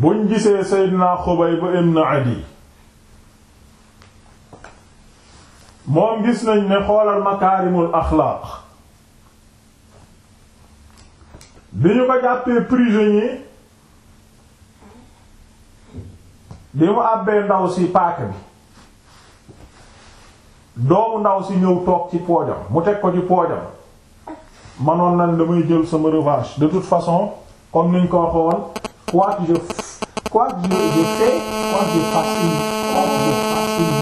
buñ gisee Seydina Xubayb ibn yi moom gis nañ ne xoolal makaarimul axlaaq bi ñu ko jàppee prisonnier bi mu àbbee ndaw si paaka bi doomu ndaw si ñëw toog ci poojam mu teg ko ci poojam manoon nañ damay jël sama revanche de toute façon comme niñ ko waxoon quoi que je quoi que je, je fais, quoi que je fascine, quoi que je fascine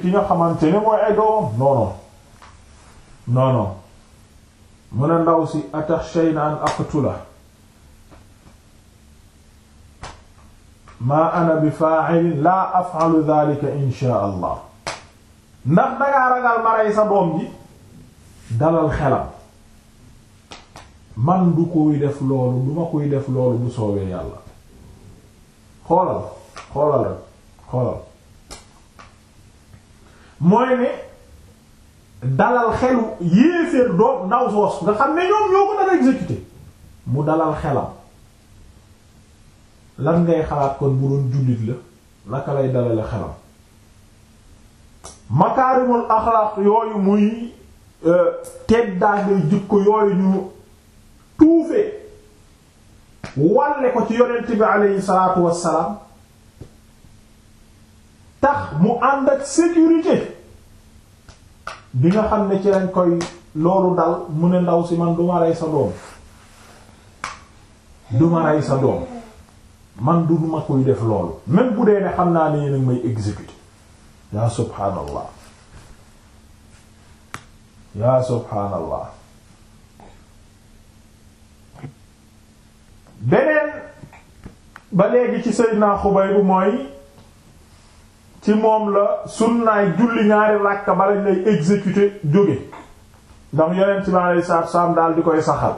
ki nga xamante ne mooy ay doom non non non non mu ne ndaw si aqtula maa ana bi fa'il la af'alu dhalika insha allah ndax dangaa ragal ma rey sa doom ji dalal xelam man du koy def loolu du ma koy def loolu bu soowee yàlla xoolal xoolal rek xoolal mooy ne dalal xelu yéeféer doom ndaw soos nga xam ne ñoom ñoo ko dara exécuté mu dalal xelam lan ngay xalaat kon bu doon jullit la naka lay dalale xelam makaarimul axlaaq yooyu muy euh, teddaangay jikko yooyu ñu walle ko ci yonent bi aleyhi salaatu wassalaam tax mu ànd ak sécurité bi nga xam ne ci lañ koy loolu dal mu ne ndaw si man duma rey sa doom duma rey sa doom man du ma koy def loolu même bu dee ne xam naa ne yéen a may exécuter yaa subhaanallah yaa subhaanallah beneen ba léegi ci Seydina Xubayb bu mooy ci moom la sunnaay julli ñaari ràkka ba lañ lay exécuter jóge ndax yonent bi alayhi salaatu salaam daal di koy saxal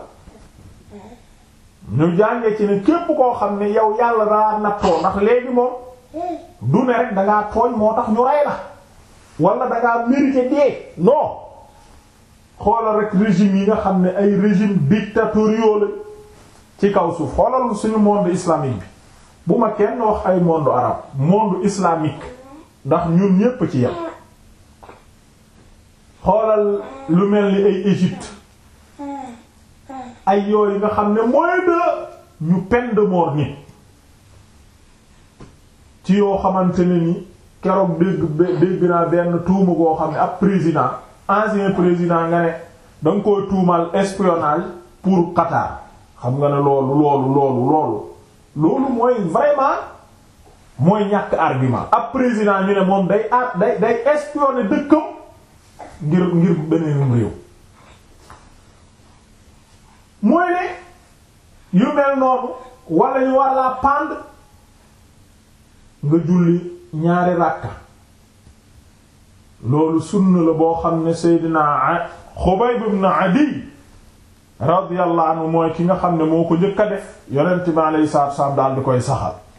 ñu jànge ci ne képp koo xam ne yow yàlla daa nattoo ndax léegi moom du ne rek dangaa tooñ moo tax ñu rey la wala dangaa mérité dee non xoolal rek régime yi nga xam ne ay régime dictatoriaux la ci kaw suuf xoolal suñu monde islamique bi bu ma kenn wax ay monde arab monde islamique ndax ñun ñépp ci yem xoolal lu mel ni ay Égypte ay yooyu nga xam ne mooy de ñu peine de mort nit ci yoo xamante ne ni keroog dégg dégg naa benn tuuma goo xam ne ak président ancien président nga ne da nga koy tuumal espionnage pour Qatar xam nga ne loolu loolu loolu loolu loolu mooy vraiment mooy ñàkk argument ab président ñu ne moom day a day day espionner dëkkam ngir ngir beneenum réew mooy ne yu mel noonu wala ñu war la pendre nga julli ñaari ràkka loolu sunna la boo xam ne Seydina Xubayb ibn Adi radiyallahu anhu mooy ki nga xam ne moo ko njëkk a def yonent bi alayhi salaatu wa salaam daal di koy saxal